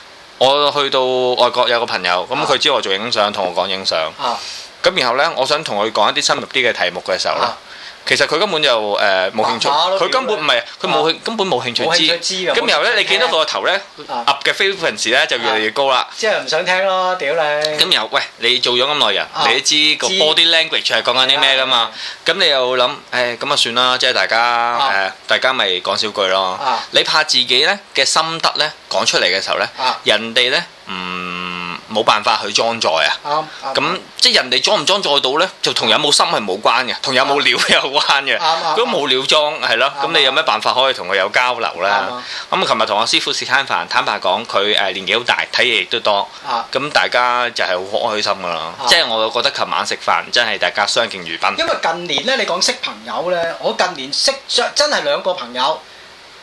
S2: 我去到外國有個朋友，咁佢知我做影相，同我講影相。咁、啊、然後咧，我想同佢講一啲深入啲嘅題目嘅時候咧。啊其實佢根本就誒冇興趣，佢根本唔係，佢冇興，根本冇興趣知。咁然後咧，你見到佢個頭咧，up 嘅 frequency 咧，就越嚟越高啦。即
S1: 係唔想聽咯，屌你！咁然
S2: 後喂，你做咗咁耐人，你都知個 body language 係講緊啲咩噶嘛？咁你又諗，誒咁啊算啦，即係大家誒，大家咪講少句咯。你怕自己咧嘅心得咧講出嚟嘅時候咧，人哋咧。嗯，冇辦法去裝載啊！咁即係人哋裝唔裝載到呢，就同有冇心係冇關嘅，同有冇料有關嘅。啱啱、嗯嗯嗯、都冇料裝係咯，咁、嗯、你有咩辦法可以同佢有交流呢？咁琴日同阿師傅食餐飯，坦白講，佢誒年紀好大，睇嘢亦都多。咁大家就係好開心噶啦，嗯、即係我覺得琴晚食飯真係大家相敬如賓。因為
S1: 近年呢，你講識朋友呢，我近年識真真係兩個朋友，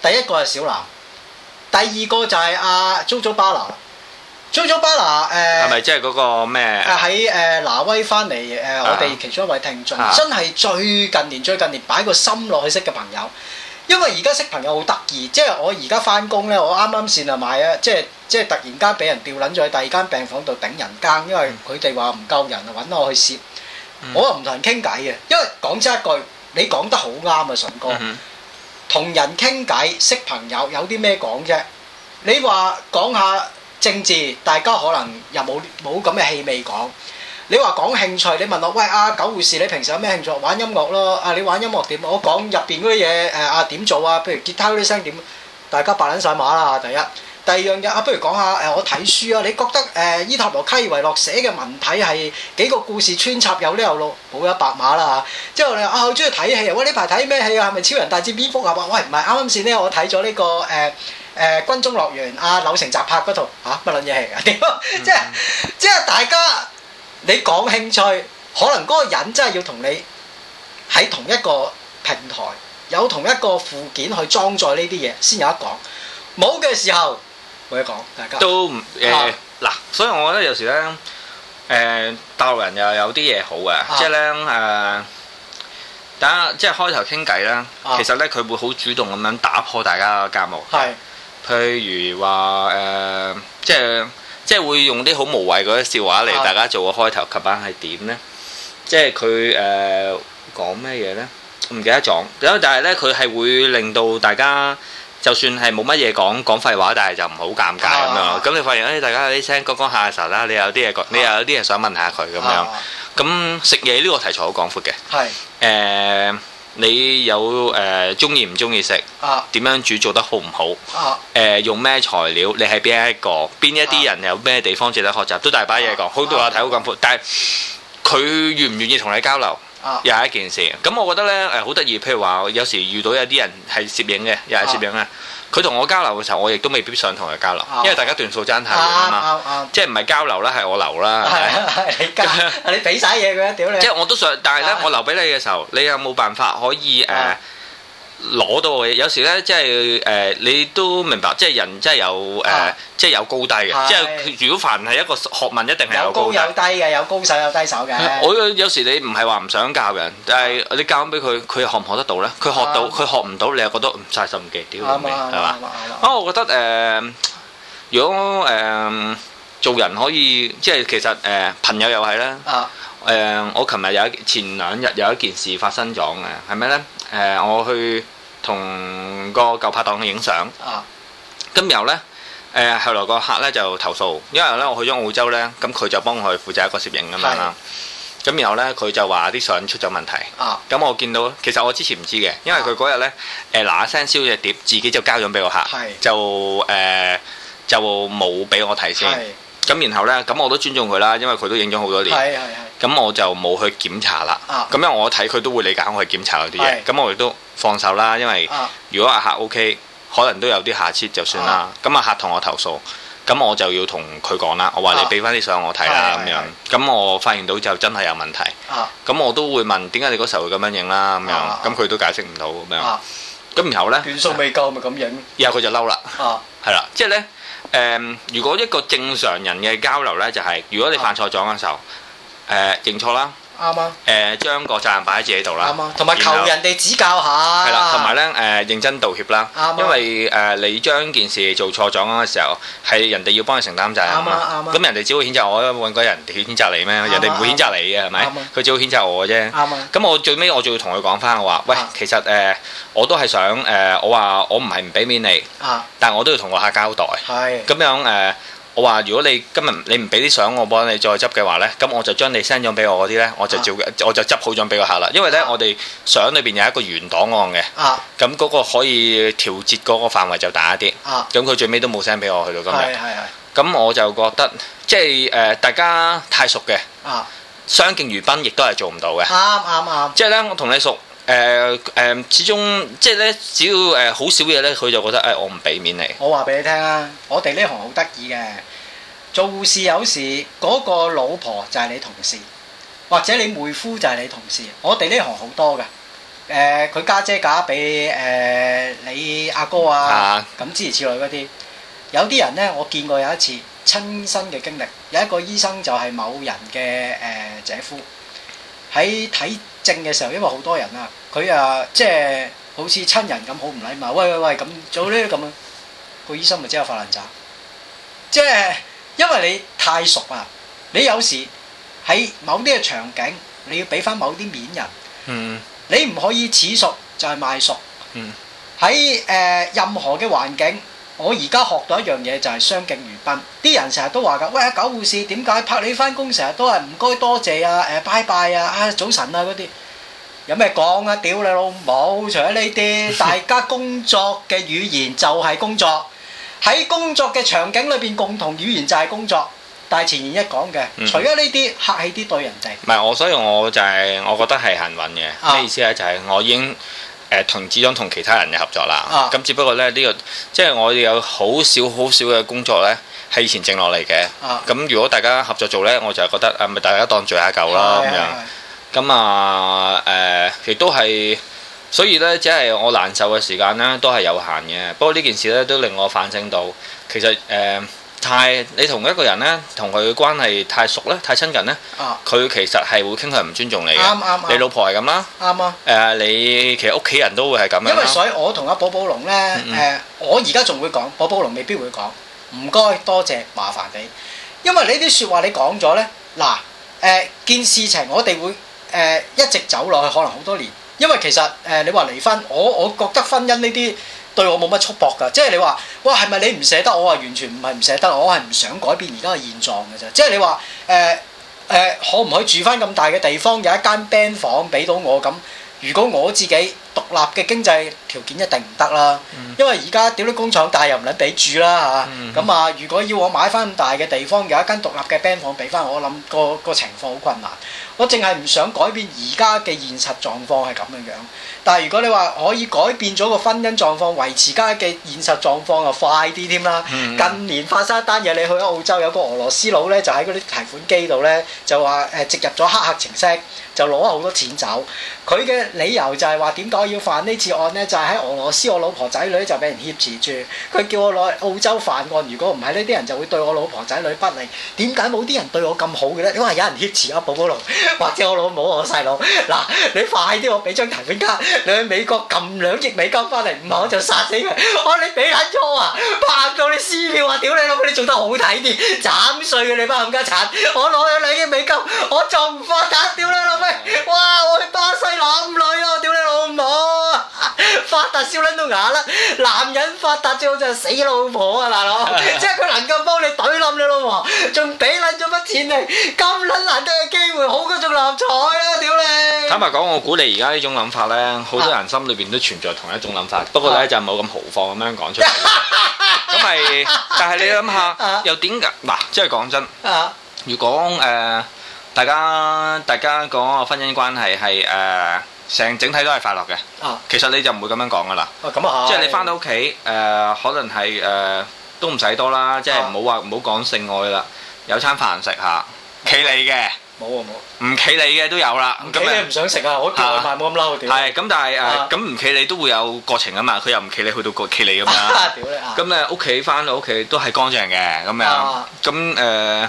S1: 第一個係小南，第二個就係阿 JoJo 巴拿。Jo jo 去咗巴拿誒，係咪
S2: 即係嗰個咩？誒
S1: 喺誒挪威翻嚟誒，呃 uh huh. 我哋其中一位聽眾、uh huh. 真係最近年最近年擺個心落去識嘅朋友，因為而家識朋友好得意，即係我而家翻工咧，我啱啱先啊買啊，即係即係突然間俾人掉撚咗喺第二間病房度頂人間，因為佢哋話唔夠人啊，揾我去攝
S2: ，uh huh. 我又唔
S1: 同人傾偈嘅，因為講真一句，你講得好啱啊，順哥，同、
S2: uh
S1: huh. 人傾偈識朋友有啲咩講啫？你話講下。政治大家可能又冇冇咁嘅氣味講，你話講興趣，你問我喂阿九、啊、護士，你平時有咩興趣？玩音樂咯，啊你玩音樂點？我講入邊嗰啲嘢誒，啊點做啊？譬如吉他嗰啲聲點？大家白撚曬馬啦第一，第二樣嘢啊，不如講下誒、呃、我睇書啊，你覺得誒、呃、伊塔羅·卡爾維洛寫嘅文體係幾個故事穿插有呢有路，冇一白馬啦嚇。之後你話啊，我好中意睇戲啊，喂呢排睇咩戲啊？係咪超人大戰蝙蝠俠啊？喂唔係啱啱先咧，我睇咗呢個誒。呃呃誒軍中樂園啊，柳承植拍嗰套嚇，乜撚嘢戲？點啊？即係即係大家你講興趣，可能嗰個人真係要同你喺同一個平台，有同一個附件去裝載呢啲嘢先有得講。冇嘅時候冇得講，大家都誒
S2: 嗱、呃啊，所以我覺得有時咧誒、呃、大陸人又有啲嘢好嘅、啊呃，即係咧誒，等下即係開頭傾偈啦，啊、其實咧佢會好主動咁樣打破大家嘅隔膜。係。譬如話誒、呃，即係即係會用啲好無謂嗰啲笑話嚟大家做個開頭，的及板係點呢？即係佢誒講咩嘢呢？唔、呃、記得咗。但係呢，佢係會令到大家就算係冇乜嘢講，講廢話，但係就唔好尷尬咁樣。咁的你發現咧、哎，大家有啲聲講講下嘅時候啦，你有啲嘢講，你又有啲嘢的想問下佢咁樣。咁食嘢呢個題材好廣闊嘅。係誒的。的你有誒中意唔中意食？點、呃啊、樣煮做得好唔好？誒、啊呃、用咩材料？你係邊一個？邊一啲人有咩地方值得學習？都大把嘢講，啊啊、好多話題好廣闊。但係佢願唔願意同你交流，又係、啊、一件事。咁我覺得咧誒好得意。譬如話，有時遇到有啲人係攝影嘅，又係攝影啊。啊佢同我交流嘅時候，我亦都未必想同佢交流，啊、因為大家段數爭太遠啊嘛，即係唔係交流啦，係我留啦，
S1: 係咪？你交啊！你俾曬嘢佢啊！屌你！即係
S2: 我都想，但係呢，啊、我留俾你嘅時候，你有冇辦法可以誒。啊啊攞到嘅，有時咧即係誒，你都明白，即係人真係有誒，即係有高低嘅。即係如果凡係一個學問，一定係有高有
S1: 低嘅，有高手
S2: 有低手嘅。我有時你唔係話唔想教人，但係你教緊俾佢，佢又學唔學得到咧？佢學到，佢學唔到，你又覺得唔曬心機，屌你係嘛？啊，我覺得誒，如果誒做人可以，即係其實誒朋友又係啦。誒，我琴日有一前兩日有一件事發生咗嘅，係咩呢？誒，我去同個舊拍檔影相，咁然後呢，誒，後來個客呢就投訴，因為呢我去咗澳洲呢，咁佢就幫我負責一個攝影咁樣啦。咁然後呢，佢就話啲相出咗問題，咁我見到其實我之前唔知嘅，因為佢嗰日呢，嗱嗱聲燒隻碟，自己就交咗俾個客，就誒就冇俾我睇先。咁然後呢，咁我都尊重佢啦，因為佢都影咗好多年。咁我就冇去檢查啦。咁因為我睇佢都會理解我去檢查嗰啲嘢，咁我亦都放手啦。因為如果阿客 O K，可能都有啲瑕疵就算啦。咁啊客同我投訴，咁我就要同佢講啦。我話你俾翻啲相我睇啦咁樣。咁我發現到就真係有問題。咁我都會問點解你嗰時候會咁樣影啦咁樣。咁佢都解釋唔到咁樣。咁然後咧，轉數未
S1: 夠咪咁影。然後佢就嬲啦。
S2: 係啦，即係呢，誒，如果一個正常人嘅交流呢，就係如果你犯錯咗嘅時候。誒認錯啦，啱啊！誒將個責任擺喺自己度啦，啱啊！同埋求人
S1: 哋指教下，係啦，同埋
S2: 咧誒認真道歉啦，啱，因為誒你將件事做錯咗嗰時候，係人哋要幫你承擔責任啊嘛，啱，咁人哋只會譴責我揾個人哋譴責你咩？人哋唔會譴責你嘅係咪？佢只會譴責我嘅啫，啱啊！咁我最尾我就要同佢講翻我話，喂，其實誒我都係想誒，我話我唔係唔俾面你，但係我都要同個客交代，係咁樣誒。我話：如果你今日你唔俾啲相，我幫你再執嘅話呢，咁我就將你 send 咗俾我嗰啲呢，我就照、啊、我就執好咗俾個客啦。因為呢，啊、我哋相裏邊有一個原檔案嘅，咁嗰、啊、個可以調節嗰個範圍就大一啲。咁佢、啊、最尾都冇 send 俾我，去到今日。咁我就覺得即係誒、呃，大家太熟嘅，啊、相敬如賓亦都係做唔到嘅。
S1: 啱啱
S2: 啱。即、啊、係、啊、呢，我同你熟。誒誒、呃呃，始終即係咧，只要誒好、呃、少嘢咧，佢就覺得誒、哎、我唔俾面你。
S1: 我話俾你聽啊，我哋呢行好得意嘅，做護士有時嗰、那個老婆就係你同事，或者你妹夫就係你同事。我哋呢行好多㗎，誒佢家姐嫁俾誒、呃、你阿哥啊，咁、啊、之如此類嗰啲。有啲人咧，我見過有一次親身嘅經歷，有一個醫生就係某人嘅誒、呃、姐夫。喺睇症嘅時候，因為好多人啊，佢啊即係好似親人咁好唔禮貌，喂喂喂咁做呢啲咁樣，個醫生咪即有發爛渣，即係因為你太熟啊，你有時喺某啲嘅場景，你要俾翻某啲面人，嗯、你唔可以恃熟就係、是、賣熟，喺誒、嗯呃、任何嘅環境。我而家學到一樣嘢就係相敬如賓。啲人成日都話㗎，喂阿狗護士點解拍你返工成日都係唔該多謝啊、誒拜拜啊、啊早晨啊嗰啲，有咩講啊？屌你老母！除咗呢啲，大家工作嘅語言就係工作，喺工作嘅場景裏邊共同語言就係工作。但係前言一講嘅，除咗呢啲，客氣啲對人哋。
S2: 唔係我，所以我就係我覺得係幸運嘅。咩意思啊？就係我已經。誒同志剛同其他人嘅合作啦，咁、啊、只不過咧呢、呢個即係我哋有好少好少嘅工作咧係以前剩落嚟嘅，咁、啊、如果大家合作做咧，我就係覺得啊咪、呃、大家當聚下舊啦咁、啊、樣，咁啊誒亦、呃、都係，所以咧即係我難受嘅時間咧都係有限嘅，不過呢件事咧都令我反省到，其實誒。呃太你同一個人咧，同佢關係太熟咧，太親近
S1: 咧，佢、
S2: 啊、其實係會傾向唔尊重你。啱啱、啊。啊、你老婆係咁啦。啱啊。誒、啊呃，你其實屋企人都會係咁樣。因為所
S1: 以我同阿寶寶龍咧，誒、嗯嗯呃，我而家仲會講，寶寶龍未必會講，唔該，多謝，麻煩你。因為呢啲説話你講咗咧，嗱，誒、呃，件事情我哋會誒、呃、一直走落去，可能好多年。因為其實誒、呃，你話離婚，我我覺得婚姻呢啲。對我冇乜束縛㗎，即係你話，哇係咪你唔捨得我啊？完全唔係唔捨得，我係唔想改變而家嘅現狀㗎啫。即係你話，誒、呃、誒、呃，可唔可以住翻咁大嘅地方，有一間 band 房俾到我咁？如果我自己獨立嘅經濟條件一定唔得啦，嗯、因為而家屌你工廠大又唔撚俾住啦嚇，咁、嗯、啊如果要我買翻咁大嘅地方，有一間獨立嘅 band 房俾翻我，我諗、個個情況好困難。我淨係唔想改變而家嘅現實狀況係咁嘅樣，但係如果你話可以改變咗個婚姻狀況，維持家嘅現實狀況啊快啲添啦。嗯、近年發生一單嘢，你去澳洲，有個俄羅斯佬咧，就喺嗰啲提款機度咧，就話誒植入咗黑客程式。就攞咗好多錢走，佢嘅理由就係話點解我要犯呢次案呢？就係喺俄羅斯，我老婆仔女就俾人挾持住，佢叫我落澳洲犯案。如果唔係呢啲人就會對我老婆仔女不利。點解冇啲人對我咁好嘅呢？你話有人挾持阿布寶龍，或者我老母我細佬。嗱，你快啲我俾張提款卡，你去美國撳兩億美金翻嚟，唔係我就殺死佢。我話你俾撚錯啊，拍到你撕票啊！屌你老母，你做得好睇啲，斬碎佢你班冚家鏟。我攞咗兩億美金，我仲唔發達。屌你老母！哇！我去巴西攬女啊！屌你老母， 發達笑捻到啞啦！男人發達最好就係死老婆啊，大佬， 即係佢能夠幫你懟冧你老婆，仲俾捻咗乜錢你？咁捻難得嘅機會，好過中六合彩啊！屌
S2: 你！坦白講，我估你而家呢種諗法呢，好多人心裏邊都存在同一種諗法，啊、不過咧就冇咁豪放咁樣講出嚟。咁係、 就是，但係你諗下，啊、又點噶？嗱，即係講真，啊、如果誒。呃大家大家講個婚姻關係係誒成整體都係快樂嘅，其實你就唔會咁樣講噶啦。
S1: 即係你翻到
S2: 屋企誒，可能係誒都唔使多啦，即係唔好話唔好講性愛啦，有餐飯食下。企你嘅冇冇唔企你嘅都有啦。咁
S1: 你唔想食啊，我食外
S2: 賣冇咁嬲。係咁，但係誒咁唔企你都會有過程啊嘛，佢又唔企你去到過企你咁樣。咁你屋企翻到屋企都係乾淨嘅咁樣，咁誒。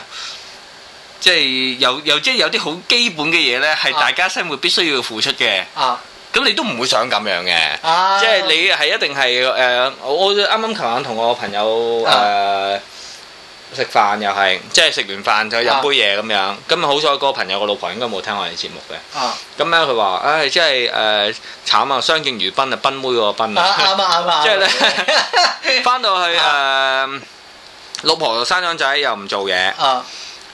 S2: 即係又又即係有啲好基本嘅嘢咧，係大家生活必須要付出嘅。咁、啊、你都唔會想咁樣嘅。即係、啊、你係一定係誒、呃，我啱啱琴晚同我朋友誒、呃啊、食飯又係，即係食完飯就飲杯嘢咁樣。咁好彩個朋友個老婆應該冇聽我哋節目嘅。咁咧，佢話：，唉，即係誒慘啊，相敬如賓 啊，賓妹個賓啊。即係咧，翻、啊、 到去誒、呃，老婆生咗仔又唔做嘢。啊啊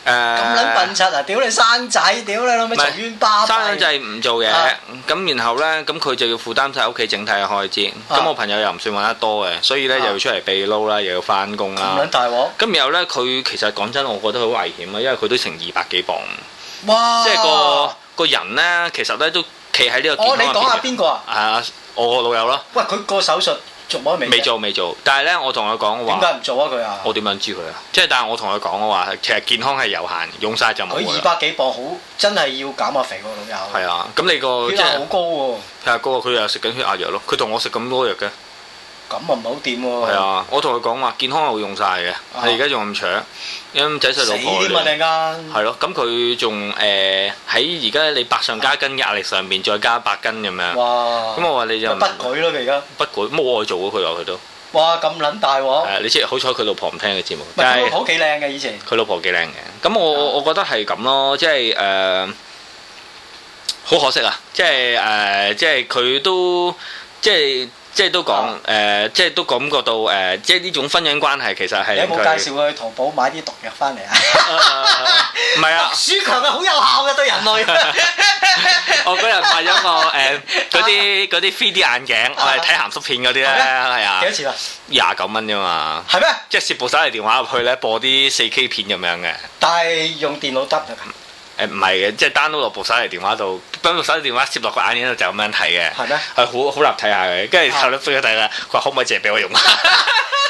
S2: 咁撚、呃、笨柒啊！屌你生仔，屌你老味是做冤巴閉。生仔唔做嘢，咁然後咧，咁佢就要負擔晒屋企整體嘅開支。咁、啊、我朋友又唔算玩得多嘅，所以咧、啊、又要出嚟避撈啦，又要返工啦。咁然後咧，佢其實講真，我覺得好危險啊，因為佢都成二百幾磅。哇！即係個個人咧，其實咧都企喺呢個健康、哦。你講下邊個啊？啊，我個老友咯。喂，佢個手術。做咗未？做未做。但係咧我同佢講話點解唔做啊？佢啊，我點樣知佢啊？即係但係我同佢講嘅話，其實健康係有限，用晒就冇。佢二
S1: 百幾磅好，好真係要減下肥個
S2: 老友。係啊，咁你個即係好高喎。係啊，高啊！佢又食緊血壓藥咯，佢同我食咁多藥嘅。咁啊唔好掂喎！係啊，我同佢講話健康係會用晒嘅，佢而家仲咁長，咁仔細老婆死幾蚊定㗎？係咯，咁佢仲誒喺而家你百上加斤嘅壓力上面再加百斤咁樣。哇！
S1: 咁我話你就不舉咯，佢而
S2: 家不舉，冇愛做嗰句話佢都。
S1: 哇！咁撚大喎！
S2: 你知，好彩佢老婆唔聽嘅節目。但係佢老婆幾靚嘅以前。佢老婆幾靚嘅，咁我我覺得係咁咯，即係誒，好可惜啊！即係誒，即係佢都即係。即係都講誒、啊呃，即係都感覺到誒、呃，即係呢種婚姻關係其實係。你有冇介紹
S1: 佢去淘寶買啲毒藥
S2: 翻嚟啊？唔係啊！
S1: 鼠強係好有效嘅對人類。
S2: 我嗰日買咗個誒，嗰啲嗰啲 3D 眼鏡，我係睇鹹濕片嗰啲咧，係啊。幾多錢啊？廿九蚊啫嘛。係咩嗎？即係攝部手提電話入去咧，播啲四 K 片咁樣嘅。
S1: 但係用電腦得㗎。
S2: 誒唔係嘅，即係、就是、download 落部手提電話度 download 手提電話攝落個眼影度就咁樣睇嘅，係好好難睇下佢，跟住後屘飛咗睇啦，佢話可唔可以借俾我用？
S1: 屌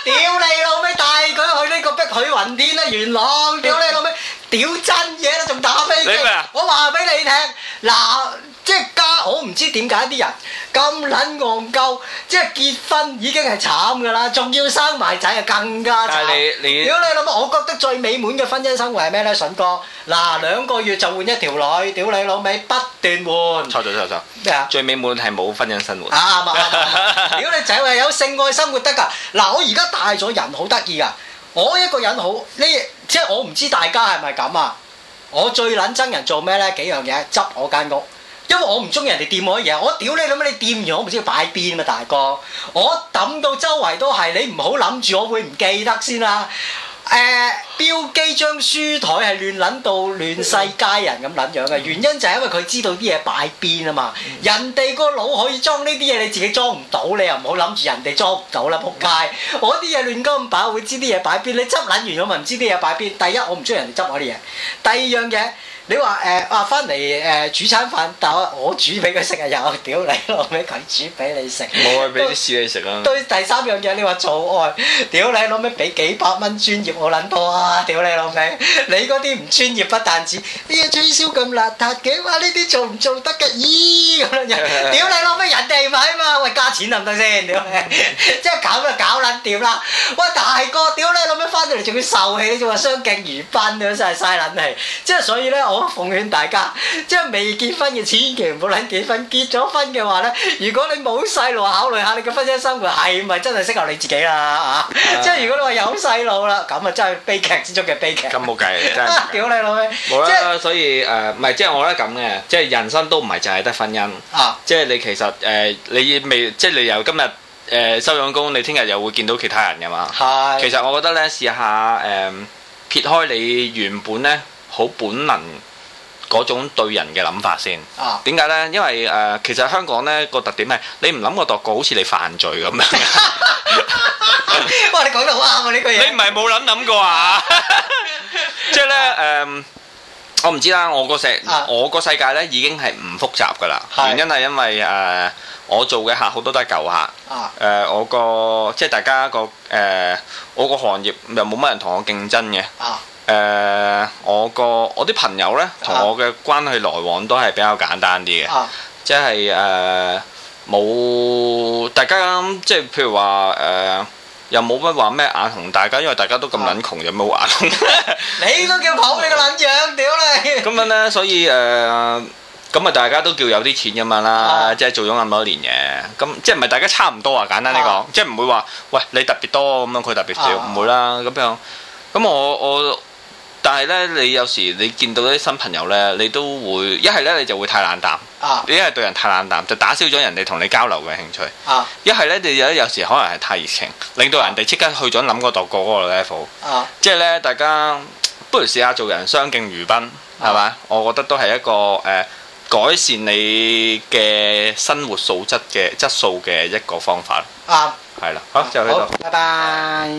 S1: 你老味，帶佢去呢個碧海雲天啦，元朗，屌你老味！屌真嘢啦，仲打飛機！1 我話俾你聽，嗱，即係家，我唔知點解啲人咁撚戇鳩，即係結婚已經係慘㗎啦，仲要生埋仔啊，更加慘！屌你老母，我覺得最美滿嘅婚姻生活係咩呢？筍哥？嗱，兩個月就換一條女，屌你老味，不
S2: 斷換！錯咗錯咗錯！咩啊？ 最美滿係冇婚姻生活。 啊嘛！
S1: 屌你，仔係有性愛生活得㗎。嗱、啊啊啊啊啊啊 啊啊，我而家大咗人，嗯、好得意㗎。我一個人好呢，即係我唔知大家係咪咁啊！我最撚憎人做咩呢？幾樣嘢，執我間屋，因為我唔中意人哋掂我嘢，我屌你，咁你掂完我唔知擺邊啊，大哥！我抌到周圍都係，你唔好諗住我會唔記得先啦、啊。誒、呃、標機張書枱係亂撚到亂世佳人咁撚樣嘅，原因就係因為佢知道啲嘢擺邊啊嘛。人哋個腦可以裝呢啲嘢，你自己裝唔到，你又唔好諗住人哋裝唔到啦，仆街！我啲嘢亂咁擺，會知啲嘢擺邊？你執撚完咗咪唔知啲嘢擺邊。第一，我唔中意人哋執我啲嘢；第二樣嘢。你話誒、呃、啊翻嚟誒煮餐飯，但我煮俾佢食啊又，屌你攞咩佢煮俾你食？冇啊
S2: 都，俾啲屎你食啊。對
S1: 第三樣嘢，你話做愛，屌你攞咩俾幾百蚊專業我撚多啊？屌你老味，你嗰啲唔專業不但止，啲吹簫咁邋遢嘅，哇呢啲做唔做得㗎？咦咁樣樣？屌你攞咩人哋買嘛？喂加錢得唔得先？屌你，即係搞咩搞撚掂啦。喂大哥，屌你攞咩翻到嚟仲要受氣？你仲話相敬如賓，你真係嘥撚氣。即係所以咧我。我奉勸大家，即係未結婚嘅千祈唔好諗結婚，結咗婚嘅話咧，如果你冇細路，考慮下你嘅婚姻生活係咪真係適合你自己啦嚇？即係如果你話有細路啦，咁啊真係悲劇之中嘅悲劇。咁
S2: 冇計啊，真係。
S1: 屌你老味。冇啦，
S2: 所以誒，唔係即係我覺得咁嘅，即係人生都唔係淨係得婚姻。啊。即係你其實誒，你未即係你由今日誒收咗工，你聽日又會見到其他人㗎嘛？係。其實我覺得咧，試下誒撇開你原本咧。好本能嗰種對人嘅諗法先，點解呢？因為誒，其實香港呢個特點係你唔諗過墮過，好似你犯罪咁樣。哇！你講得好啱啊，呢句嘢。你唔係冇諗諗過啊？即係呢誒，我唔知啦。我個世我個世界呢已經係唔複雜噶啦。原因係因為誒，我做嘅客好多都係舊客。誒，我個即係大家個誒，我個行業又冇乜人同我競爭嘅。誒，uh, 我個我啲朋友咧，同我嘅關係來往都係比較簡單啲嘅，uh, 即係誒冇大家即係譬如話誒，又冇乜話咩眼紅，大家、uh, 大家因為大家都咁撚窮，uh, 有冇眼紅
S1: 你都叫跑命嘅撚樣，屌你！
S2: 咁樣咧，所以誒，咁、uh, 啊大家都叫有啲錢咁樣啦，即係做咗咁多年嘅，咁即係唔係大家差唔多啊？簡單啲講，uh, 即係唔會話喂你特別多咁樣，佢特別少，唔會啦。咁樣咁我我。但係咧，你有時你見到啲新朋友咧，你都會一係咧你就會太冷淡，一係、啊、對人太冷淡就打消咗人哋同你交流嘅興趣，一係咧你有時可能係太熱情，令到人哋即刻去咗諗嗰度嗰個 level，即係咧大家不如試下做人相敬如賓，係咪、啊？我覺得都係一個誒、呃、改善你嘅生活素質嘅質素嘅一個方法，係啦、啊，好，啊、就呢度，拜
S1: 拜。